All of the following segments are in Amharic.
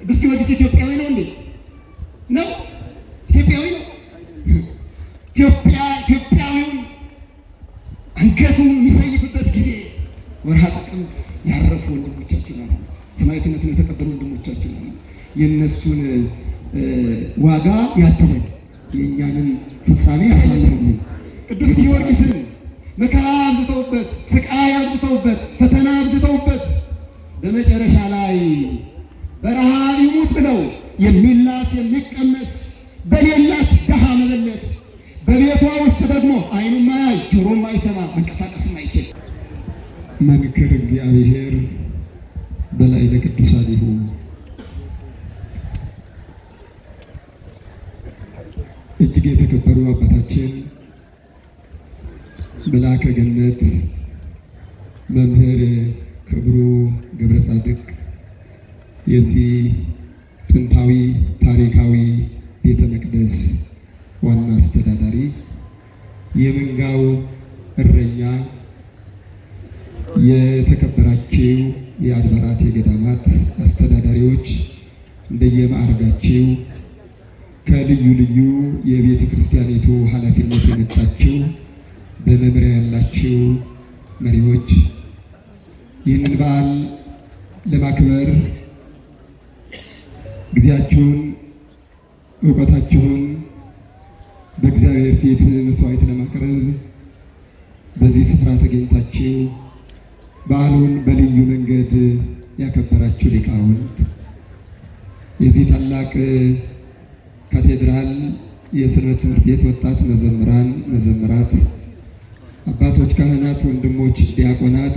ቅዱስ ጊዮርጊስ ኢትዮጵያዊ ነው እንዴ? ነው ኢትዮጵያዊ ነው። ኢትዮጵያ ኢትዮጵያዊውን አንገቱን የሚሰይፍበት ጊዜ ወርሃ ጥቅምት ያረፉ ወንድሞቻችን አሉ። ሰማዕትነትን የተቀበሉ ወንድሞቻችን አሉ። የእነሱን ዋጋ ያትመል በላይ ቅዱሳን ይሁን። እጅግ የተከበሩ አባታችን መልአከ ገነት መሪዎች ይህንን በዓል ለማክበር ጊዜያችሁን፣ እውቀታችሁን በእግዚአብሔር ፊት መስዋዕት ለማቅረብ በዚህ ስፍራ ተገኝታችሁ በዓሉን በልዩ መንገድ ያከበራችሁ ሊቃውንት፣ የዚህ ታላቅ ካቴድራል የሰንበት ትምህርት ቤት ወጣት መዘምራን፣ መዘምራት አባቶች፣ ካህናት፣ ወንድሞች፣ ዲያቆናት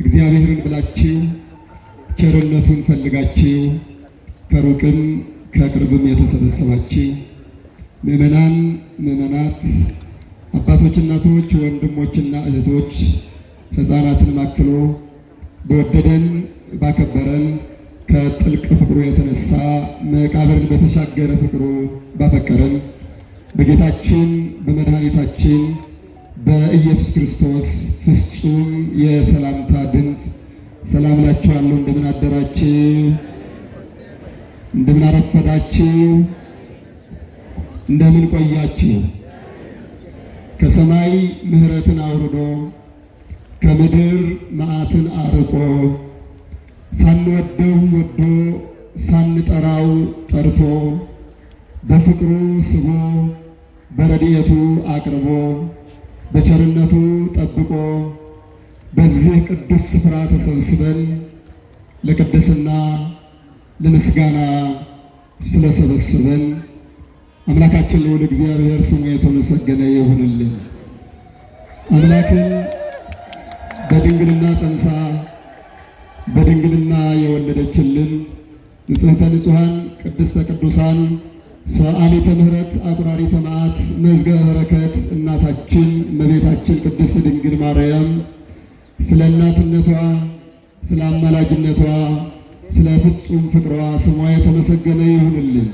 እግዚአብሔርን ብላችሁ ቸርነቱን ፈልጋችሁ ከሩቅም ከቅርብም የተሰበሰባችሁ ምዕመናን፣ ምዕመናት፣ አባቶች፣ እናቶች፣ ወንድሞችና እህቶች ሕፃናትን ማክሎ በወደደን ባከበረን ከጥልቅ ፍቅሩ የተነሳ መቃብርን በተሻገረ ፍቅሩ ባፈቀረን በጌታችን በመድኃኒታችን በኢየሱስ ክርስቶስ ፍጹም የሰላምታ ድምፅ ሰላም እላችኋለሁ። እንደምን አደራችሁ? እንደምን አረፈዳችሁ? እንደምን ቆያችሁ? ከሰማይ ምሕረትን አውርዶ ከምድር መዓትን አርቆ ሳንወደው ወዶ ሳንጠራው ጠርቶ በፍቅሩ ስቦ በረድኤቱ አቅርቦ በቸርነቱ ጠብቆ በዚህ ቅዱስ ስፍራ ተሰብስበን ለቅድስና ለምስጋና ስለሰበስበን አምላካችን ለወደ እግዚአብሔር ስሙ የተመሰገነ ይሁንልን። አምላክን በድንግልና ጸንሳ በድንግልና የወለደችልን ንጽሕተ ንጹሐን ቅድስተ ቅዱሳን ሰአሊተ ምሕረት አቁራሪተ መዓት መዝገበ በረከት እናታችን እመቤታችን ቅድስት ድንግል ማርያም ስለ እናትነቷ፣ ስለ አማላጅነቷ፣ ስለ ፍጹም ፍቅሯ ስሟ የተመሰገነ ይሁንልን።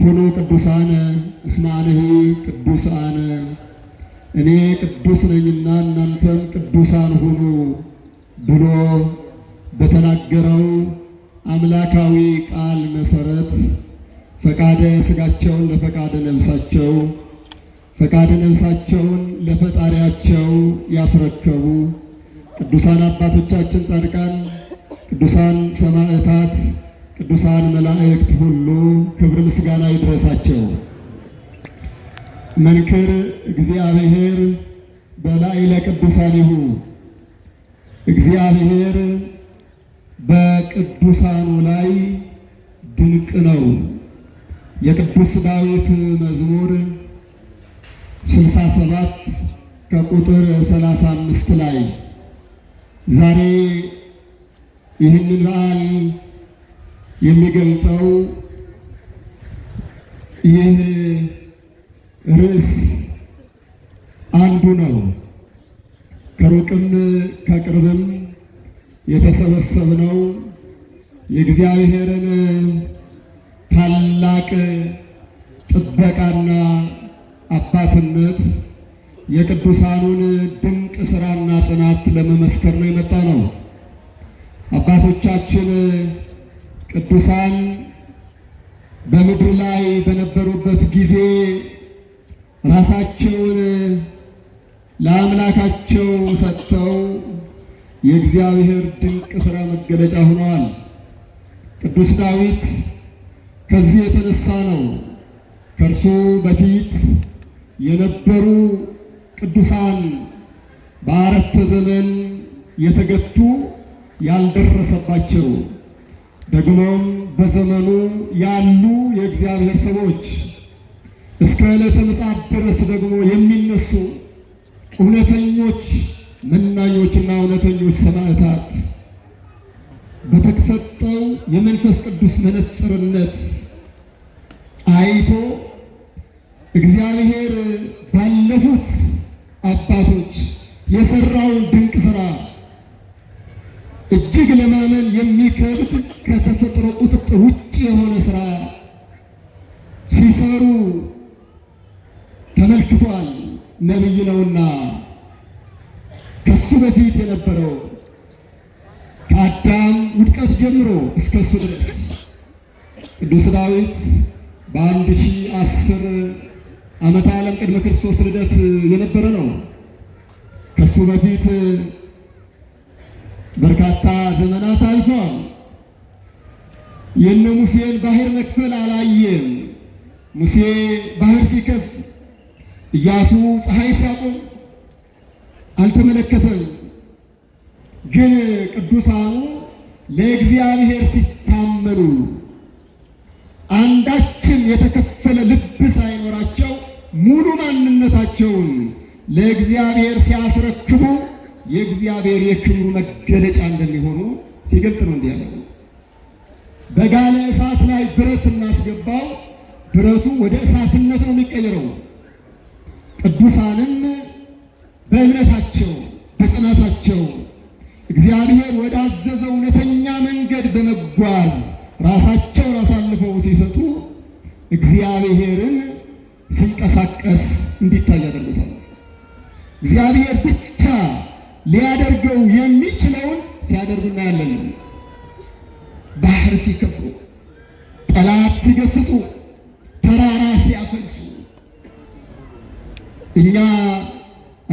ኩኑ ቅዱሳነ እስመ አነሂ ቅዱስ አነ፣ እኔ ቅዱስ ነኝና እናንተም ቅዱሳን ሁኑ ብሎ በተናገረው አምላካዊ ቃል መሰረት ፈቃደ ስጋቸውን ለፈቃደ ነፍሳቸው ፈቃደ ነፍሳቸውን ለፈጣሪያቸው ያስረከቡ ቅዱሳን አባቶቻችን ጻድቃን፣ ቅዱሳን ሰማዕታት፣ ቅዱሳን መላእክት ሁሉ ክብር ምስጋና ይድረሳቸው። መንክር እግዚአብሔር በላዕለ ይሁ እግዚአብሔር በቅዱሳኑ ላይ ድንቅ ነው። የቅዱስ ዳዊት መዝሙር 67 ከቁጥር 35 ላይ ዛሬ ይህንን በዓል የሚገልጠው ይህ ርዕስ አንዱ ነው። ከሩቅም ከቅርብም የተሰበሰብነው የእግዚአብሔርን ታላቅ ጥበቃና አባትነት የቅዱሳኑን ድንቅ ስራና ጽናት ለመመስከር ነው የመጣ ነው። አባቶቻችን ቅዱሳን በምድር ላይ በነበሩበት ጊዜ ራሳቸውን ለአምላካቸው ሰጥተው የእግዚአብሔር ድንቅ ስራ መገለጫ ሆነዋል። ቅዱስ ዳዊት ከዚህ የተነሳ ነው ከእርሱ በፊት የነበሩ ቅዱሳን በአረፍተ ዘመን የተገቱ ያልደረሰባቸው ደግሞም በዘመኑ ያሉ የእግዚአብሔር ሰዎች እስከ ዕለተ ምጽአት ድረስ ደግሞ የሚነሱ እውነተኞች መናኞችና እውነተኞች ሰማዕታት በተሰጠው የመንፈስ ቅዱስ መነጽርነት አይቶ እግዚአብሔር ባለፉት አባቶች የሰራውን ድንቅ ስራ እጅግ ለማመን የሚከብድ ከተፈጥሮ ቁጥጥር ውጭ የሆነ ስራ ሲሰሩ ተመልክቷል። ነቢይ ነውና ከሱ በፊት የነበረው ከአዳም ውድቀት ጀምሮ እስከ እሱ ድረስ ቅዱስ ዳዊት በአንድ ሺ አስር ዓመተ ዓለም ቅድመ ክርስቶስ ልደት የነበረ ነው። ከእሱ በፊት በርካታ ዘመናት አልፏል። የነ ሙሴን ባህር መክፈል አላየም። ሙሴ ባህር ሲከፍ እያሱ ፀሐይ ሲያቆም አልተመለከተም። ግን ቅዱሳኑ ለእግዚአብሔር ሲታመኑ አንዳችን የተከፈለ ልብ ሳይኖራቸው ሙሉ ማንነታቸውን ለእግዚአብሔር ሲያስረክቡ የእግዚአብሔር የክብሩ መገለጫ እንደሚሆኑ ሲገልጥ ነው። እንዲህ ያለው በጋለ እሳት ላይ ብረት እናስገባው፣ ብረቱ ወደ እሳትነት ነው የሚቀየረው። ቅዱሳንም በእምነታቸው እግዚአብሔር ወዳዘዘ እውነተኛ መንገድ በመጓዝ ራሳቸውን አሳልፈው ሲሰጡ እግዚአብሔርን ሲንቀሳቀስ እንዲታይ ያደርጉታል። እግዚአብሔር ብቻ ሊያደርገው የሚችለውን ሲያደርጉ እናያለን። ባህር ሲከፍሉ፣ ጠላት ሲገስጹ፣ ተራራ ሲያፈልሱ እኛ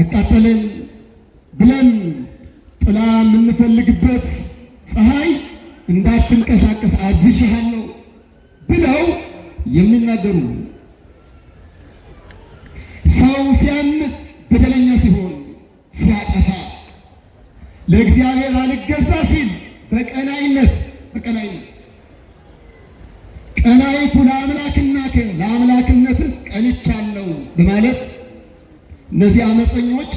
አቃጠልን ብለን ጥላ የምንፈልግበት ፀሐይ እንዳትንቀሳቀስ አዝዥሃለሁ ብለው የሚናገሩ ሰው ሲያምስ በደለኛ ሲሆን ሲያጠፋ ለእግዚአብሔር አልገዛ ሲል በቀናይነት በቀናይነት ቀናይቱ ለአምላክና ለአምላክነት ቀንቻለሁ በማለት እነዚህ አመፀኞች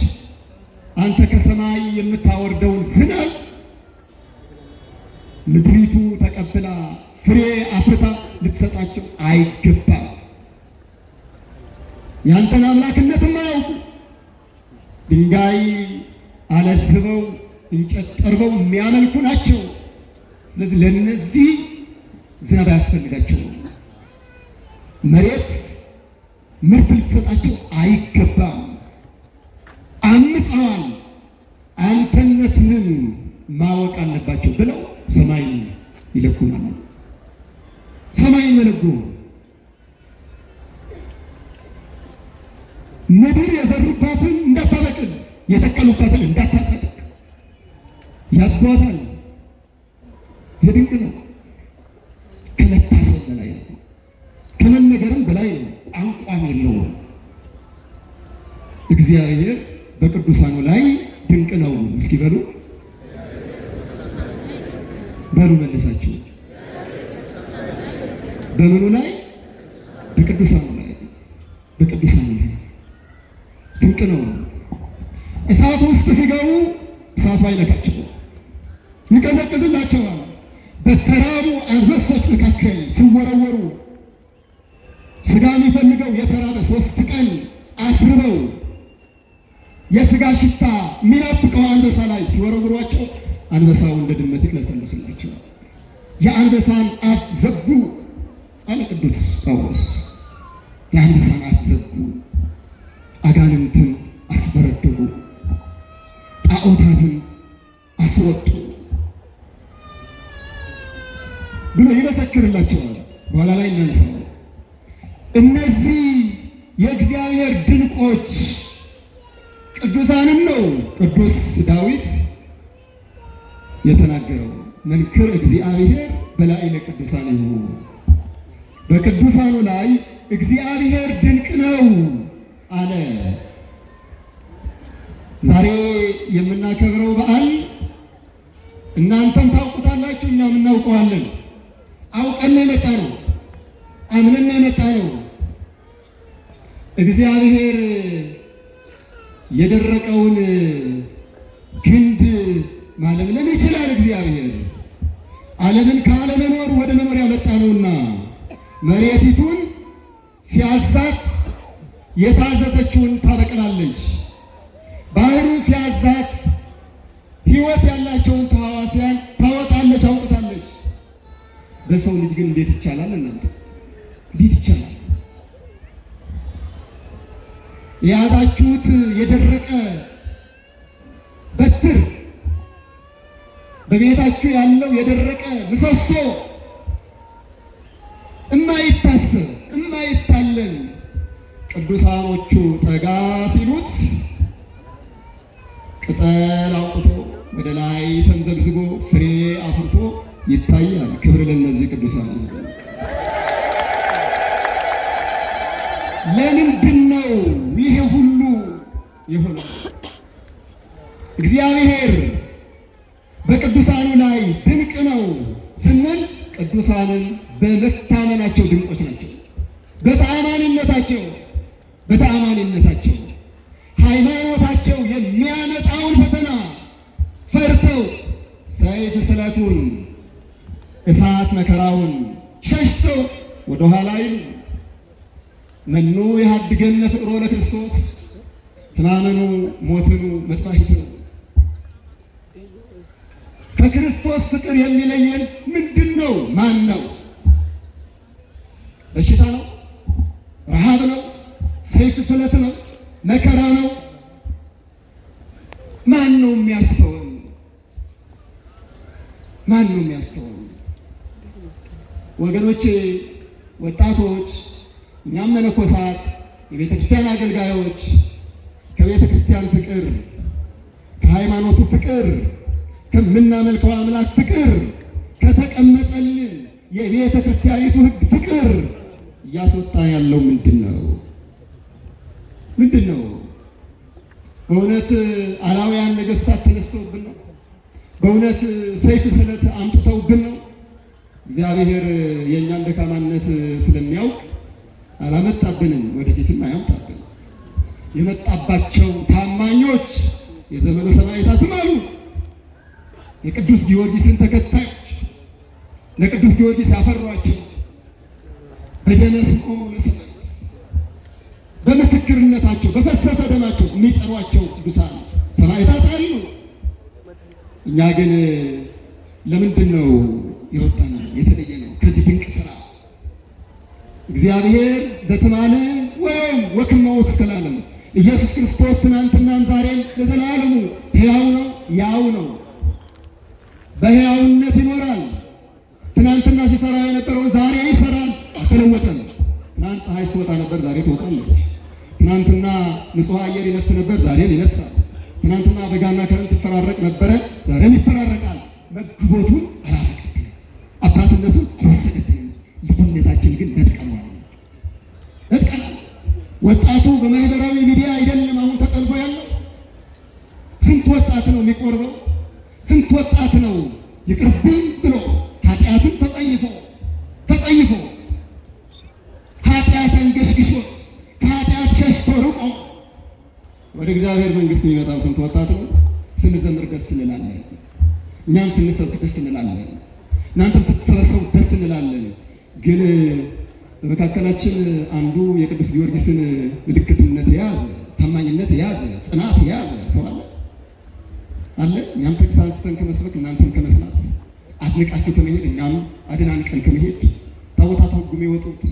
አንተ ከሰማይ የምታወርደውን ዝናብ ምድሪቱ ተቀብላ ፍሬ አፍርታ ልትሰጣቸው አይገባም። ያንተን አምላክነትም አያውቁ። ድንጋይ አለዝበው እንጨት ጠርበው የሚያመልኩ ናቸው። ስለዚህ ለነዚህ ዝናብ አያስፈልጋቸው። መሬት ምርት ልትሰጣቸው ብለው ሰማይን ይለኩናል። ሰማይን መለጉ። ምድር የዘሩባትን እንዳታበቅል፣ የተከሉባትን እንዳታጸድቅ ያዟታል። ይህ ድንቅ ነው። ከመታሰብ በላይ ነው። ከመነገርም በላይ ነው። ቋንቋም የለውም። እግዚአብሔር በቅዱሳኑ ላይ ድንቅ ነው። እስኪ በሉ በሉ መልሳችሁ በምኑ ላይ የአንበሳን አፍ ዘጉ አለ ቅዱስ ጳውሎስ። የአንበሳን አፍ ዘጉ፣ አጋንንትን አስበረድጉ፣ ጣዖታትን አስወጡ ብሎ ይመሰክርላቸዋል። በኋላ ላይ እናንሳለ እነዚህ የእግዚአብሔር ድንቆች ቅዱሳንም ነው ቅዱስ ዳዊት የተና መንክር እግዚአብሔር በላዕለ ቅዱሳን ይሁን። በቅዱሳኑ ላይ እግዚአብሔር ድንቅ ነው አለ። ዛሬ የምናከብረው በዓል እናንተም ታውቁታላችሁ፣ እኛም እናውቀዋለን። አውቀን የመጣ ነው፣ አምነን የመጣ ነው። እግዚአብሔር የደረቀውን ግንድ ማለምለም ይችላል እግዚአብሔር ዓለምን ካለመኖር ወደ መኖር ያመጣ ነውና መሬቲቱን ሲያዛት የታዘዘችውን ታበቅላለች። ባህሩ ሲያዛት ሕይወት ያላቸውን ተሐዋስያን ታወጣለች፣ አውጥታለች። በሰው ልጅ ግን እንዴት ይቻላል? እናንተ እንዴት ይቻላል? የያዛችሁት የደረቀ በትር በቤታችሁ ያለው የደረቀ ምሰሶ እማይታሰብ እማይታለን ቅዱሳኖቹ ጠጋ የመጣውን ፈተና ፈርተው ሰይፍ ስለቱን፣ እሳት መከራውን ሸሽተው ወደኋላ ይሉ መኑ የሀድገነ ፍቅሮ ለክርስቶስ ሕማመኑ ሞትኑ መጥፋሂቱ ነው። ከክርስቶስ ፍቅር የሚለየን ምንድን ነው? ማን ነው? በሽታ ነው? ረሃብ ነው? ሰይፍ ስለት ነው? መከራ ነው? ነው የሚያስተውል? ማን ነው የሚያስተውል? ወገኖቼ፣ ወጣቶች፣ እኛም መነኮሳት፣ የቤተ ክርስቲያን አገልጋዮች ከቤተ ክርስቲያን ፍቅር፣ ከሃይማኖቱ ፍቅር፣ ከምናመልከው አምላክ ፍቅር፣ ከተቀመጠልን የቤተ ክርስቲያኒቱ ሕግ ፍቅር እያስወጣ ያለው ምንድን ነው? ምንድን ነው? በእውነት አላውያን ነገስታት ተነስተውብን ነው? በእውነት ሰይፍ ስለት አምጥተውብን ነው? እግዚአብሔር የእኛን ደካማነት ስለሚያውቅ አላመጣብንም፣ ወደፊትም አያምጣብን የመጣባቸው ታማኞች የዘመኑ ሰማዕታትም አሉ። የቅዱስ ጊዮርጊስን ተከታዮች ለቅዱስ ጊዮርጊስ ያፈሯቸው በደነ ስምዖን በምስክርነታቸው በፈሰሰ ደማቸው የሚጠሯቸው ቅዱሳን ሰማዕታት አሉ። እኛ ግን ለምንድን ነው የወጣን? የተለየ ነው ከዚህ ድንቅ ስራ እግዚአብሔር ዘትማል ወይም ወክማዎት እስከላለም ኢየሱስ ክርስቶስ ትናንትናም ዛሬም ለዘላለሙ ሕያው ነው፣ ያው ነው፣ በሕያውነት ይኖራል። ትናንትና ሲሰራ የነበረው ዛሬ ይሰራል፣ አልተለወጠም። ትናንት ፀሐይ ስትወጣ ነበር፣ ዛሬ ትወጣለች። ትናንትና ንጹህ አየር ይለብስ ነበር፣ ዛሬም ይለብሳል። ትናንትና በጋና ክረምት ይፈራረቅ ነበረ፣ ዛሬም ይፈራረቃል። መግቦቱን አላረቀብንም፣ አባትነቱን አልወሰደብንም። ልጅነታችን ግን ነጥቀነዋል፣ ነጥቀናል። ወጣቱ በማህበራዊ ሚዲያ አይደለም አሁን ተጠልፎ ያለው። ስንት ወጣት ነው የሚቆርበው? ስንት ወጣት ነው ይቅርብ ደስ እንላለን። እኛም ስንሰብክ ደስ እንላለን። እናንተም ስትሰበሰቡ ደስ እንላለን። ግን በመካከላችን አንዱ የቅዱስ ጊዮርጊስን ምልክትነት የያዘ ታማኝነት የያዘ ጽናት የያዘ ሰው አለ አለ። እኛም ጥቅስ አንስተን ከመስበክ እናንተም ከመስማት አድንቃችሁ ከመሄድ እኛም አድናንቀን ከመሄድ ታቦታት ሕጉም የወጡት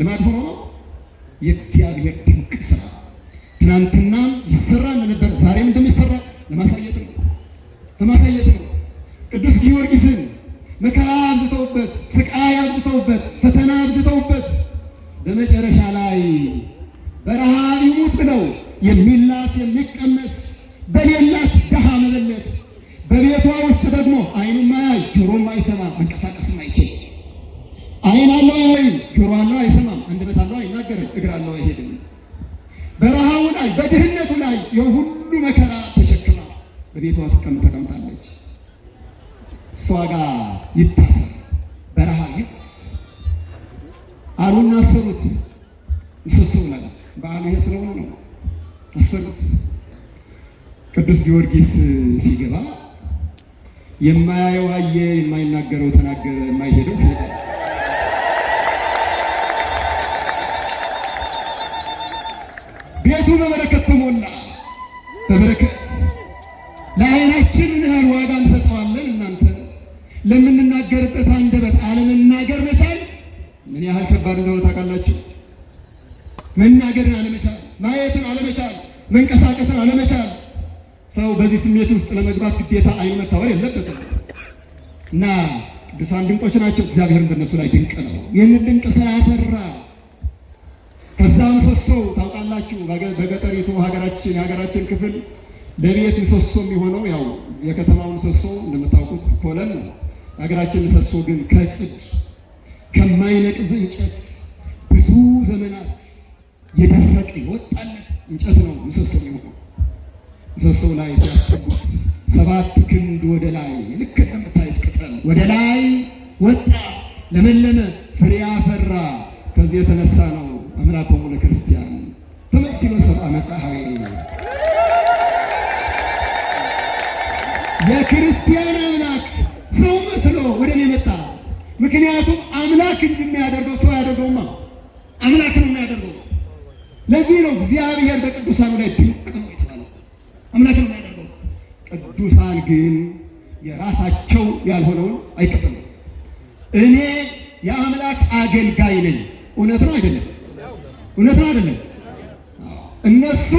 ልማድ ሆኖ ነው። የእግዚአብሔር ድንቅ ስራ ትናንትና ይሰራ እንደነበር ዛሬም እንደሚሰራ ለማሳየ በቤቷ ትቀም ተቀምጣለች። እሷ ጋር ይታሰር በረሃ ይቅስ አሉና አሰሩት። ምስሱ ላይ በዓሉ ይሄ ስለሆነ ነው አሰሩት። ቅዱስ ጊዮርጊስ ሲገባ የማያየው አየ፣ የማይናገረው ተናገረ፣ የማይሄደው ሄደ። ቤቱ በበረ ለአይናችን ምን ያህል ዋጋ እንሰጠዋለን? እናንተ ለምንናገርበት አንደበት አለመናገር መቻል ምን ያህል ከባድ እንደሆነ ታውቃላችሁ? መናገርን አለመቻል፣ ማየትን አለመቻል፣ መንቀሳቀስን አለመቻል። ሰው በዚህ ስሜት ውስጥ ለመግባት ግዴታ አይኑ መታወር የለበትም እና ቅዱሳን ድንቆች ናቸው። እግዚአብሔርን በእነሱ ላይ ድንቅ ነው። ይህንን ድንቅ ስራ ሰራ። ከዛ ምሰሶው ታውቃላችሁ፣ በገጠሪቱ ሀገራችን የሀገራችን ክፍል ለቤት ምሰሶ የሚሆነው ያው የከተማው ምሰሶ እንደምታውቁት ኮለን ነው። የሀገራችን ምሰሶ ግን ከጽድ ከማይነቅዝ እንጨት ብዙ ዘመናት የደረቀ የወጣለት እንጨት ነው ምሰሶ የሚሆነው። ምሰሶ ላይ ሲያስጠጉት ሰባት ክንድ ወደ ላይ ልክ እንደምታዩት ቅጠል ወደ ላይ ወጣ፣ ለመለመ፣ ፍሬ አፈራ። ከዚህ የተነሳ ነው አምላኮሙ ክርስቲያን ተመስሎ ሰብአ መጽሐዊ የክርስቲያን አምላክ ሰው መስሎ ወደ እኔ መጣ። ምክንያቱም አምላክ እንደሚያደርገው ሰው ያደርገውማ አምላክ ነው የሚያደርገው። ለዚህ ነው እግዚአብሔር በቅዱሳኑ ላይ ድንቅ ነው የተባለው። አምላክ ነው የሚያደርገው። ቅዱሳን ግን የራሳቸው ያልሆነውን አይቀበሉ። እኔ የአምላክ አገልጋይ ነኝ። እውነት ነው አይደለም? እውነት ነው አይደለም? እነሱ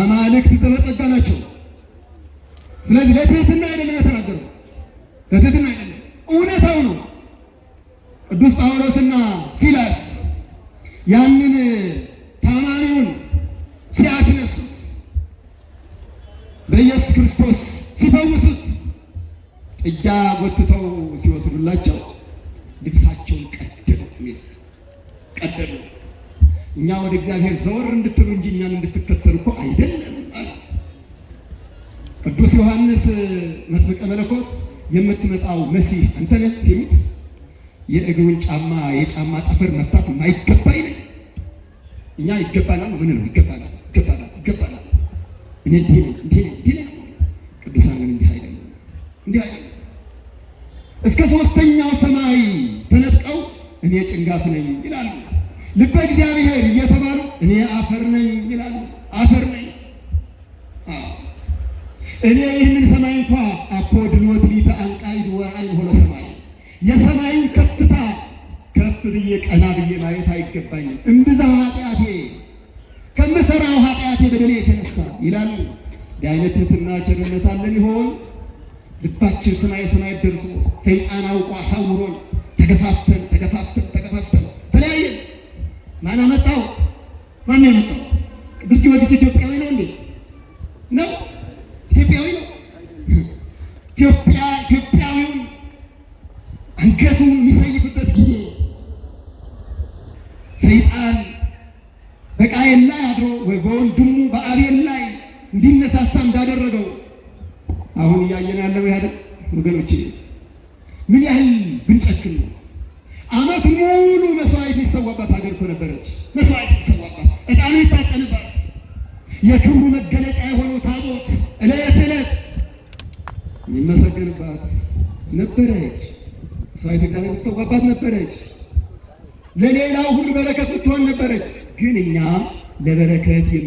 አማልክት ዘመጸጋ ናቸው። ስለዚህ ለትህትና አይደለም የተናገረው፣ ለትህትና አይደለም፣ እውነታው ነው። ቅዱስ ጳውሎስና ሲላስ ያንን ታማሪውን ሲያስነሱት በኢየሱስ ክርስቶስ ሲፈውሱት ጥጃ ጎትተው ሲወስዱላቸው ልብሳቸውን ቀደዱ። ቀደዱ እኛ ወደ እግዚአብሔር ዘወር እንድትሉ እንጂ እኛን የምትመጣው መሲህ አንተ ነህ ሲሉት የእግሩን ጫማ የጫማ ጠፈር መፍታት የማይገባ ነኝ። እኛ ይገባናል ምን ነው ይገባናል፣ ይገባናል፣ ይገባናል። እኔ እንዲህ ነው እንዲህ ነው እንዲህ ነው። ቅዱሳን ግን እንዲህ አይደለም፣ እንዲህ አይደለም። እስከ ሶስተኛው ሰማይ ተነጥቀው እኔ ጭንጋፍ ነኝ ይላሉ። ልበ እግዚአብሔር እየተባሉ እኔ አፈር ነኝ ይላሉ። አፈር ነኝ እኔ ይህንን ሰማይ እንኳ ብዬ ቀና ብዬ ማየት አይገባኝም። እምብዛ ኃጢአቴ ከምሰራው ኃጢአቴ በደሌ የተነሳ ይላል። የአይነትትና ትህትና ቸርነት አለን ይሆን? ልባችን ሰማይ ሰማይ ደርሶ ሰይጣን አውቆ አሳውሮን ተገፋፍተን ተገፋፍተን ተገፋፍተን ተለያየን። ማን አመጣው? ማን ያመጣው?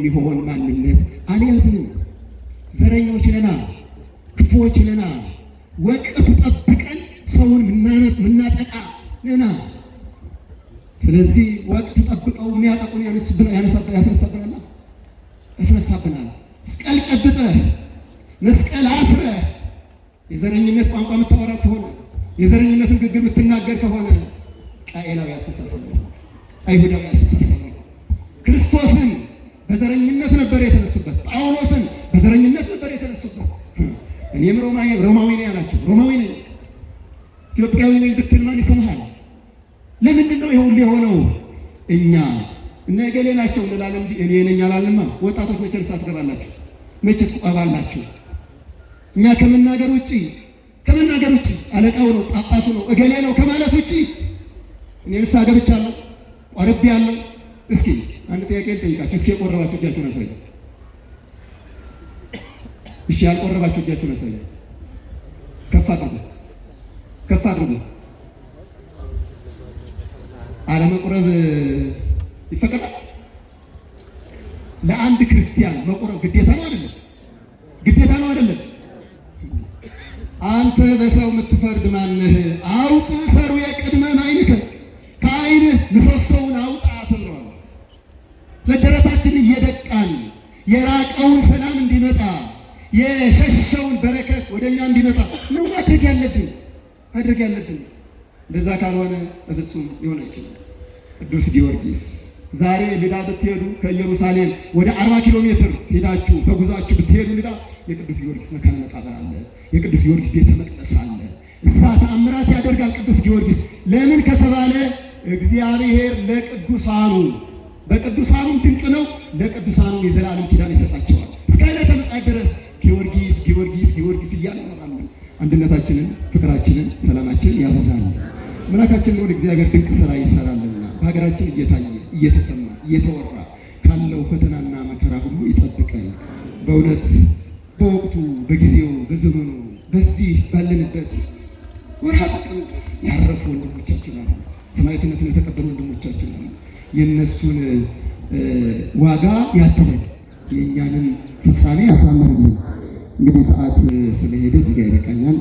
የሚሆን ማንነት አልያዝም። ዘረኞች ነና፣ ክፉዎች ነና፣ ወቅፍ ጠብቀን ሰውን ምናጠቃ ነና። ስለዚህ ወቅቱ ጠብቀው የሚያጠቁን ያስነሳብናል ያስነሳብናል። መስቀል ጨብጠ መስቀል አስረ የዘረኝነት ቋንቋ የምታወራ ከሆነ የዘረኝነት ንግግር የምትናገር ከሆነ ቃኤላዊ አስተሳሰብ ነው፣ አይሁዳዊ አስተሳሰብ ነው። ክርስቶስን በዘረኝነት ነበር የተነሱበት። ጳውሎስን በዘረኝነት ነበር የተነሱበት። እኔም ሮማዊ ሮማዊ ነኝ አላቸው። ሮማዊ ነኝ ኢትዮጵያዊ ነኝ ብትል ማን ይሰማሃል? ለምንድን ነው ይሁን የሆነው? እኛ እነ እገሌ ናቸው እንላለን እንጂ እኔ ነኝ አላልንማ። ወጣቶች መቼ ንሳ ትገባላችሁ? መቼ ትቆባላችሁ? እኛ ከመናገር ውጭ ከመናገር ውጭ አለቃው ነው ጳጳሱ ነው እገሌ ነው ከማለት ውጭ እኔ ንሳ ገብቻለሁ፣ ቆርቤ ያለው እስኪ አንድ ጥያቄ ልጠይቃችሁ። እስኪ የቆረባችሁ እጃችሁን አሳዩ። እሺ ያልቆረባችሁ እጃችሁን አሳዩ። ከፍ አድርጉ፣ ከፍ አድርጉ። አለመቁረብ ይፈቀዳል? ለአንድ ክርስቲያን መቁረብ ግዴታ ነው አይደለም? ግዴታ ነው አይደለም? አንተ በሰው የምትፈርድ ማነህ? አውፅ ሰሩ የቅድመ ማይንከ ማድረግ ያለብን። እንደዛ ካልሆነ በፍጹም ይሆን አይችልም። ቅዱስ ጊዮርጊስ ዛሬ ልዳ ብትሄዱ ከኢየሩሳሌም ወደ አርባ ኪሎ ሜትር ሄዳችሁ ተጉዛችሁ ብትሄዱ ልዳ የቅዱስ ጊዮርጊስ መካነ መቃብር አለ። የቅዱስ ጊዮርጊስ ቤተ መቅደስ አለ። እሳ ተአምራት ያደርጋል ቅዱስ ጊዮርጊስ። ለምን ከተባለ እግዚአብሔር ለቅዱሳኑ በቅዱሳኑ ድንቅ ነው። ለቅዱሳኑ የዘላለም ኪዳን ይሰጣቸዋል። እስከ ዕለተ ምጽአት ድረስ ጊዮርጊስ ጊዮርጊስ ጊዮርጊስ እያለ ይኖራሉ። አንድነታችንን፣ ፍቅራችንን፣ ሰላማችንን ያበዛል። መላካችን ወደ እግዚአብሔር ድንቅ ስራ ይሰራልና በሀገራችን እየታየ እየተሰማ እየተወራ ካለው ፈተናና መከራ ሁሉ ይጠብቀን። በእውነት በወቅቱ በጊዜው በዘመኑ በዚህ ባለንበት ወርሃ ጥቅምት ያረፉ ወንድሞቻችን አሉ። ሰማዕትነትን የተቀበሉ ወንድሞቻችን አሉ። የእነሱን ዋጋ ያድርበን፣ የእኛንም ፍጻሜ ያሳምርልን። እንግዲህ ሰዓት ስለሄደ እዚጋ ይበቃኛል።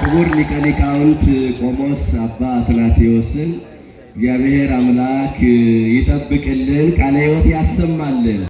ክቡር ሊቀ ሊቃውንት ቆሞስ አባ አትናቴዎስን እግዚአብሔር አምላክ ይጠብቅልን፣ ቃለ ሕይወት ያሰማልን።